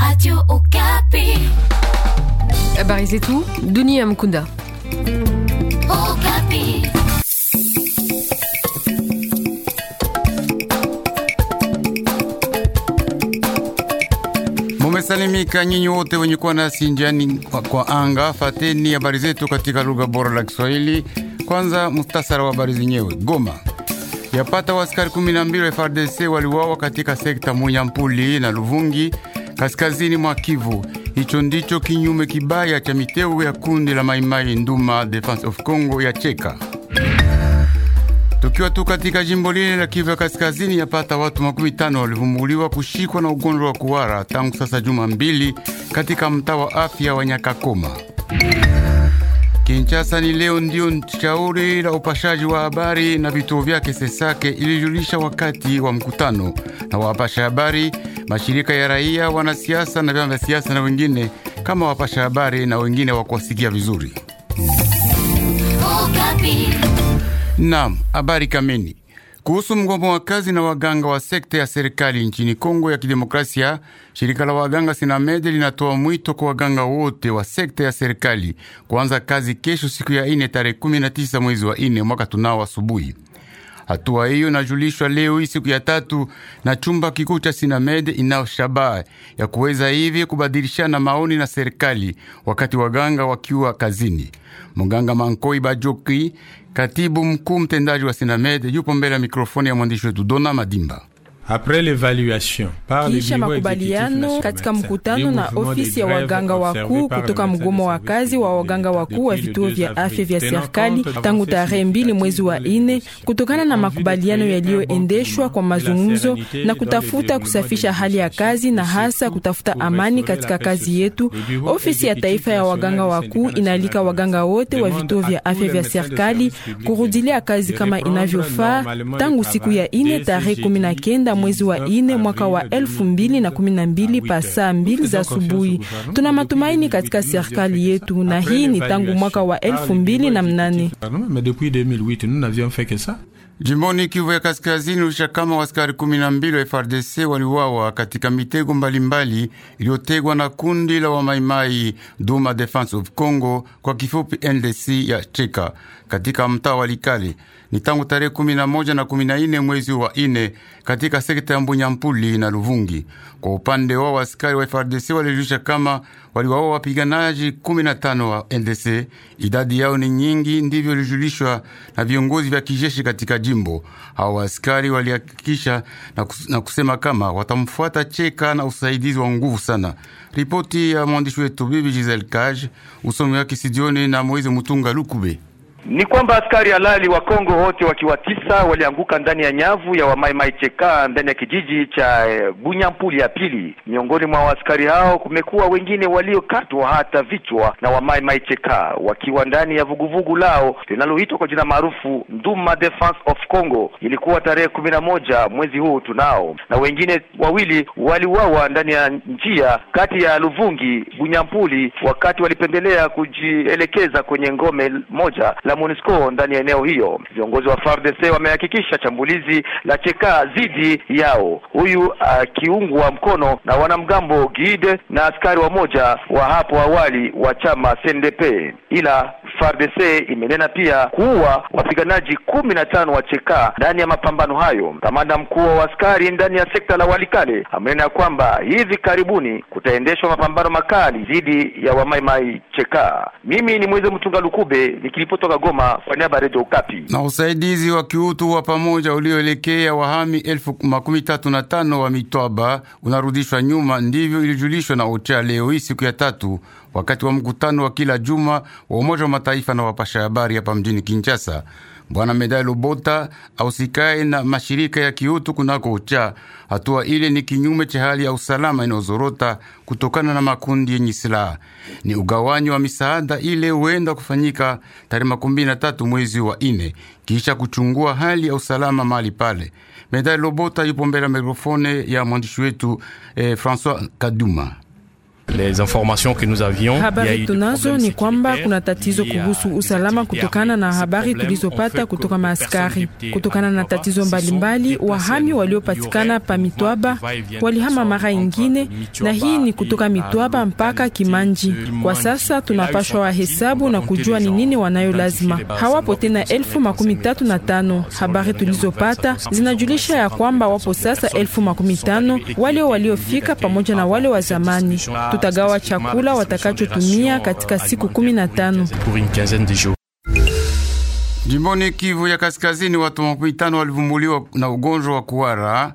Radio Okapi. Habari eh zetu Dunia Mkunda. Okapi. Mumesalimika nyinyi wote wenye kuwa nasi njiani kwa anga, fateni habari zetu katika lugha bora la Kiswahili. Kwanza mustasara wa habari zenyewe. Goma yapata waskari 12 wa FARDC waliuawa katika sekta Munyampuli na Luvungi kaskazini mwa Kivu. Hicho ndicho kinyume kibaya cha miteo ya kundi la Maimai Nduma Defense of Congo ya Cheka. Tukiwa tu katika jimbo lile la Kivu ya kaskazini, yapata watu makumi tano walivumbuliwa kushikwa na ugonjwa wa kuwara tangu sasa juma mbili katika mtaa wa afya wa Nyakakoma. Kinshasa ni leo ndio shauri la upashaji wa habari na vituo vyake Sesake ilijulisha wakati wa mkutano na wapasha habari mashirika ya raia, wanasiasa na vyama vya siasa na wengine kama wapasha habari na wengine wa kuwasikia vizuri. Naam, habari kamini kuhusu mgomo wa kazi na waganga wa sekta ya serikali nchini Kongo ya Kidemokrasia, shirika la waganga Sinamede linatoa mwito kwa waganga wote wa sekta ya serikali kuanza kazi kesho, siku ya ine tarehe 19 mwezi wa ine mwaka tunao asubuhi. Hatua hiyo inajulishwa leo hii siku ya tatu na chumba kikuu cha Sinamed inao shabaha ya kuweza hivi kubadilishana maoni na serikali wakati waganga wakiwa kazini. Mganga Mankoi Bajoki, katibu mkuu mtendaji wa Sinamed, yupo mbele ya mikrofoni ya mwandishi wetu Dona Madimba. Kisha makubaliano katika mkutano na ofisi ya waganga wakuu kutoka mgomo wa kazi wa waganga wakuu wa vituo vya afya vya serikali tangu tarehe mbili mwezi wa ine kutokana na makubaliano yaliyoendeshwa kwa mazungumzo na kutafuta kusafisha hali ya kazi na hasa kutafuta amani katika kazi yetu. Ofisi ya taifa ya waganga wakuu inaalika waganga wote wa vituo vya afya vya serikali kurudilia kazi kama inavyofaa tangu siku ya ine tarehe kumi na kenda kenda mwezi wa ine mwaka wa elfu mbili na kumi na mbili pa saa mbili za asubuhi. Tuna matumaini katika serikali yetu, na hii ni tangu mwaka wa elfu mbili na mnane. Jimboni Kivu ya Kaskazini, usha kama askari kumi na mbili wa FRDC waliwawa katika mitego mbalimbali iliyotegwa na kundi la wamaimai Duma Defense of Congo, kwa kifupi NDC ya Cheka, katika mtaa wa Likale ni tangu tarehe kumi na moja na kumi na ine mwezi wa ine katika sekta ya Mbunyampuli na Luvungi. Kwa upande wao askari wa FRDC walirusha kama waliwaua wapiganaji 15 wa NDC. Idadi yao ni nyingi, ndivyo lijulishwa na viongozi vya kijeshi katika jimbo. Hao askari walihakikisha na, kus, na kusema kama watamfuata Cheka na usaidizi wa nguvu sana. Ripoti ya mwandishi wetu Bibi Giselle Kaj, usomi wake Sidioni na Moize Mutunga Lukube ni kwamba askari halali wa Kongo wote wakiwa tisa walianguka ndani ya nyavu ya Wamaimai Cheka ndani ya kijiji cha eh, Bunyampuli ya pili. Miongoni mwa askari hao kumekuwa wengine waliokatwa hata vichwa na Wamaimai Cheka wakiwa ndani ya vuguvugu lao linaloitwa kwa jina maarufu Nduma Defense of Congo. Ilikuwa tarehe kumi na moja mwezi huu tunao, na wengine wawili waliuawa ndani ya njia kati ya Luvungi Bunyampuli wakati walipendelea kujielekeza kwenye ngome moja la MONUSCO ndani ya eneo hiyo. Viongozi wa FARDC wamehakikisha shambulizi la Cheka dhidi yao, huyu akiungwa uh, mkono na wanamgambo Gide na askari wamoja wa hapo awali wa chama CNDP, ila FARDC imenena pia kuua wapiganaji kumi na tano wa Cheka ndani ya mapambano hayo. Kamanda mkuu wa askari ndani ya sekta la Walikale amenena kwamba hivi karibuni kutaendeshwa mapambano makali dhidi ya Wamaimai Cheka. Mimi ni Mweze Mtunga Lukube nikilipotoka Goma kwa niaba ya Radio Kapi. Na usaidizi wa kiutu wa pamoja ulioelekea wahami elfu makumi tatu na tano wa mitwaba unarudishwa nyuma, ndivyo ilijulishwa na OCHA leo hii siku ya tatu wakati wa mkutano wa kila juma wa Umoja wa Mataifa na wapasha habari hapa mjini Kinshasa. Bwana Medai Lobota ausikae na mashirika ya kiutu kunako ucha. Hatua ile ni kinyume cha hali ya usalama inayozorota kutokana na makundi yenye silaha. Ni ugawanyo wa misaada ile huenda kufanyika tarehe makumi na tatu mwezi wa ine kisha kuchungua hali ya usalama mahali pale. Medai Lobota yupo mbele ya mikrofone ya mwandishi wetu eh, Francois Kaduma. Habari tunazo ni kwamba kuna tatizo kuhusu usalama kutokana na habari tulizopata kutoka maaskari. Kutokana na tatizo mbalimbali, wahami waliopatikana pa Mitwaba walihama mara ingine, na hii ni kutoka Mitwaba mpaka Kimanji. Kwa sasa tunapashwa wahesabu na kujua ni nini wanayo lazima. Hawapo tena elfu makumi tatu na tano. Habari tulizopata zinajulisha ya kwamba wapo sasa elfu makumi tano wale waliofika pamoja na wale wa zamani kutagawa chakula watakachotumia katika siku kumi na tano. Jimboni Kivu ya Kaskazini, watu makumi tano walivumbuliwa na ugonjwa wa kuhara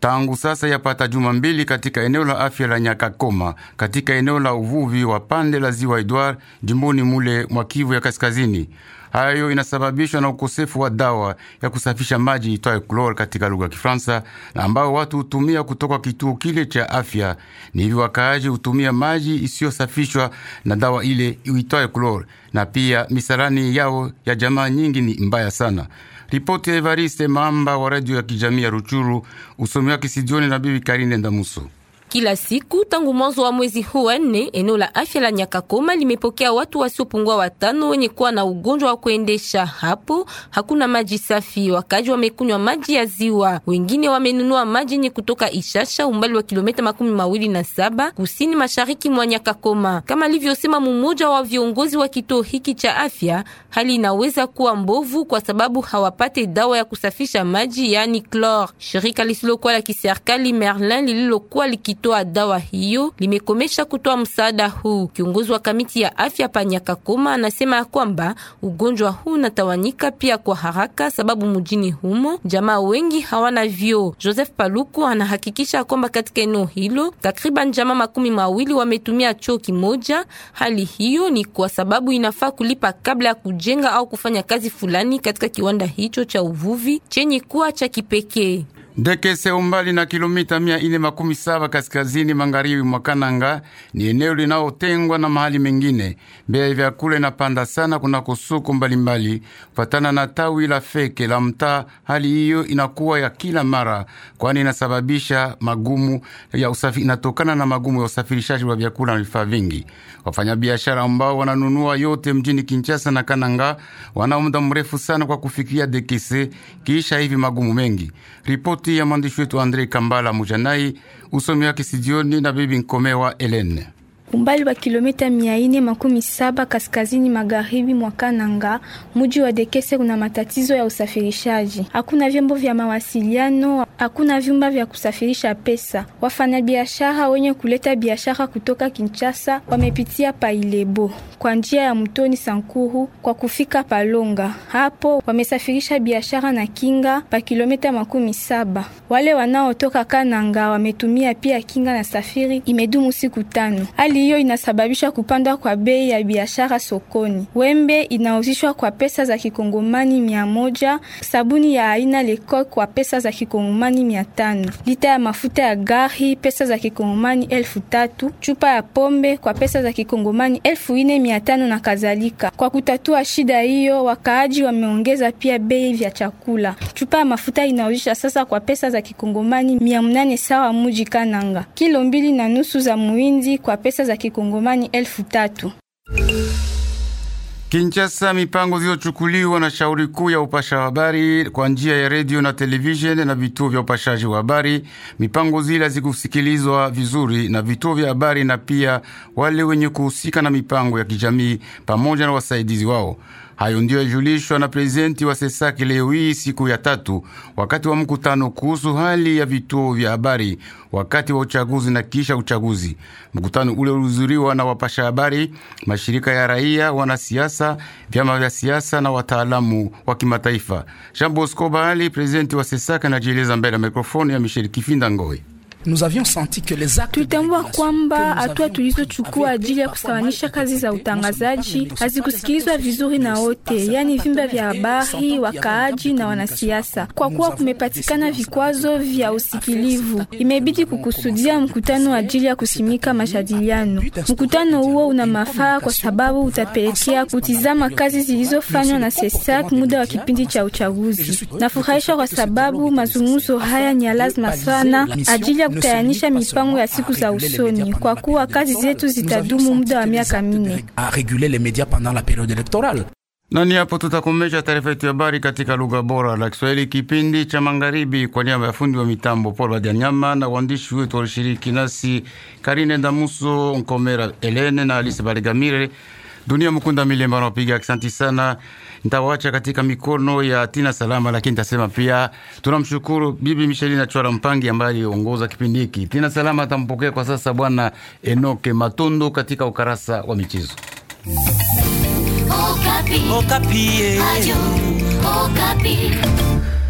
tangu sasa yapata juma mbili katika eneo la afya la Nyakakoma katika eneo la uvuvi wa pande la ziwa Edward jimboni mule mwa Kivu ya Kaskazini. Hayo inasababishwa na ukosefu wa dawa ya kusafisha maji itwayo klor katika lugha ya Kifaransa, na ambao watu hutumia kutoka kituo kile cha afya. Ni hivyo wakaaji hutumia maji isiyosafishwa na dawa ile itwayo klor, na pia misarani yao ya jamaa nyingi ni mbaya sana. Ripoti ya Evariste Mamba wa radio ya kijamii ya Ruchuru, usomi wake Sidioni na bibi Karine Ndamuso kila siku tangu mwanzo wa mwezi huu wa nne. Eneo la afya la Nyakakoma limepokea watu wasiopungua watano wenye kuwa na ugonjwa wa kuendesha. Hapo hakuna maji safi, wakaji wamekunywa maji ya ziwa, wengine wamenunua maji yenye kutoka Ishasha, umbali wa kilomita makumi mawili na saba kusini mashariki mwa Nyakakoma. Kama alivyosema mmoja wa viongozi wa kituo hiki cha afya, hali inaweza kuwa mbovu kwa sababu hawapate dawa ya kusafisha maji, yani klor. Shirika lisilokuwa la kiserikali Merlin lililokuwa likitoa kutoa dawa hiyo limekomesha kutoa msaada huu. Kiongozi wa kamiti ya afya Panyakakoma anasema ya kwamba ugonjwa huu unatawanyika pia kwa haraka, sababu mjini humo jamaa wengi hawana vyoo. Joseph Paluku anahakikisha kwamba katika eneo hilo takriban jamaa makumi mawili wametumia choo kimoja. Hali hiyo ni kwa sababu inafaa kulipa kabla ya kujenga au kufanya kazi fulani katika kiwanda hicho cha uvuvi chenye kuwa cha kipekee. Ndekese umbali na kilomita mia ine makumi saba kaskazini magharibi mwa Kananga ni eneo linaotengwa na mahali mengine. Bei ya vyakula inapanda sana kuna soko mbalimbali kufatana na tawi la feke la mtaa. Hali hiyo inakuwa ya kila mara, kwani inasababisha magumu ya usafi, inatokana na magumu ya usafirishaji wa vyakula na vifaa vingi. Wafanyabiashara ambao wananunua yote mjini Kinshasa na Kananga wana muda mrefu sana kwa kufikia Dekese kisha hivi magumu mengi Ripoti Ripoti ya mwandishi wetu andre Kambala Mujanai, usomi wa kisijioni na bibi Nkomewa Elene umbali wa kilomita mia ine makumi saba kaskazini magharibi mwa Kananga. Muji wa Dekese kuna matatizo ya usafirishaji, hakuna vyombo vya mawasiliano, hakuna vyumba vya kusafirisha pesa. Wafanyabiashara wenye kuleta biashara kutoka Kinshasa wamepitia Pailebo kwa njia ya mtoni Sankuru kwa kufika Palonga. Hapo wamesafirisha biashara na kinga pa kilomita makumi saba. Wale wanaotoka Kananga wametumia pia kinga na safiri, imedumu siku tano. Hali hiyo inasababisha kupanda kwa bei ya biashara sokoni. Wembe inauzishwa kwa pesa za kikongomani mia moja, sabuni ya aina leko kwa pesa za kikongomani mia tano, lita ya mafuta ya gari pesa za kikongomani elfu tatu, chupa ya pombe kwa pesa za kikongomani elfu ine mia tano na kadhalika. Kwa kutatua shida hiyo, wakaaji wameongeza pia bei vya chakula. Chupa ya mafuta inauzisha sasa kwa pesa za kikongomani mia mnane sawa muji Kananga, kilo mbili na nusu za muindi kwa pesa za za kikongomani elfu tatu. Kinchasa, mipango zilizochukuliwa na shauri kuu ya upasha habari kwa njia ya redio na televisheni na vituo vya upashaji wa habari. Mipango zile hazikusikilizwa vizuri na vituo vya habari na pia wale wenye kuhusika na mipango ya kijamii pamoja na wasaidizi wao. Hayo ndiyo yajulishwa na prezidenti wa Sesaki leo hii siku ya tatu, wakati wa mkutano kuhusu hali ya vituo vya habari wakati wa uchaguzi na kisha uchaguzi. Mkutano ule ulihudhuriwa na wapasha habari, mashirika ya raia, wanasiasa, vyama vya siasa na wataalamu wa kimataifa. Jean Bosco Bahali, prezidenti wa Sesaki, anajieleza mbele ya mikrofoni ya Michel Kifinda Ngoe tulitambua kwamba hatua tulizochukua ajili ya kusawanisha kazi za utangazaji hazikusikilizwa vizuri na wote, yaani vyumba vya habari, wakaaji na wanasiasa, kwa kuwa kumepatikana vikwazo vya usikilivu. Imebidi kukusudia mkutano ajili ya kusimika majadiliano. Mkutano huo una mafaa kwa sababu utapelekea kutizama kazi zilizofanywa na Sesat muda wa kipindi cha uchaguzi. Nafurahisha kwa sababu mazungumzo haya ni ya lazima sana ajili ya kutayanisha mipango ya siku za usoni, kwa kuwa kazi zetu zitadumu muda wa miaka minne. Na ni hapo tutakomesha taarifa yetu ya habari katika lugha bora la Kiswahili, kipindi cha magharibi, kwa niaba ya fundi wa mitambo Paul Badianyama na waandishi wetu walishiriki nasi Karine Damuso, Nkomera Elene na Alice Barigamire. Dunia Mkunda Milemba anaopiga. asanti sana, nitawacha katika mikono ya Tina Salama, lakini tasema pia tunamshukuru Bibi Michelina na Chwala Mpangi ambaye aliongoza kipindi hiki. Tina Salama atampokea kwa sasa Bwana Enoke matundu katika ukarasa wa michezo. Okapi. Okapi. Eh. Ayu, Okapi.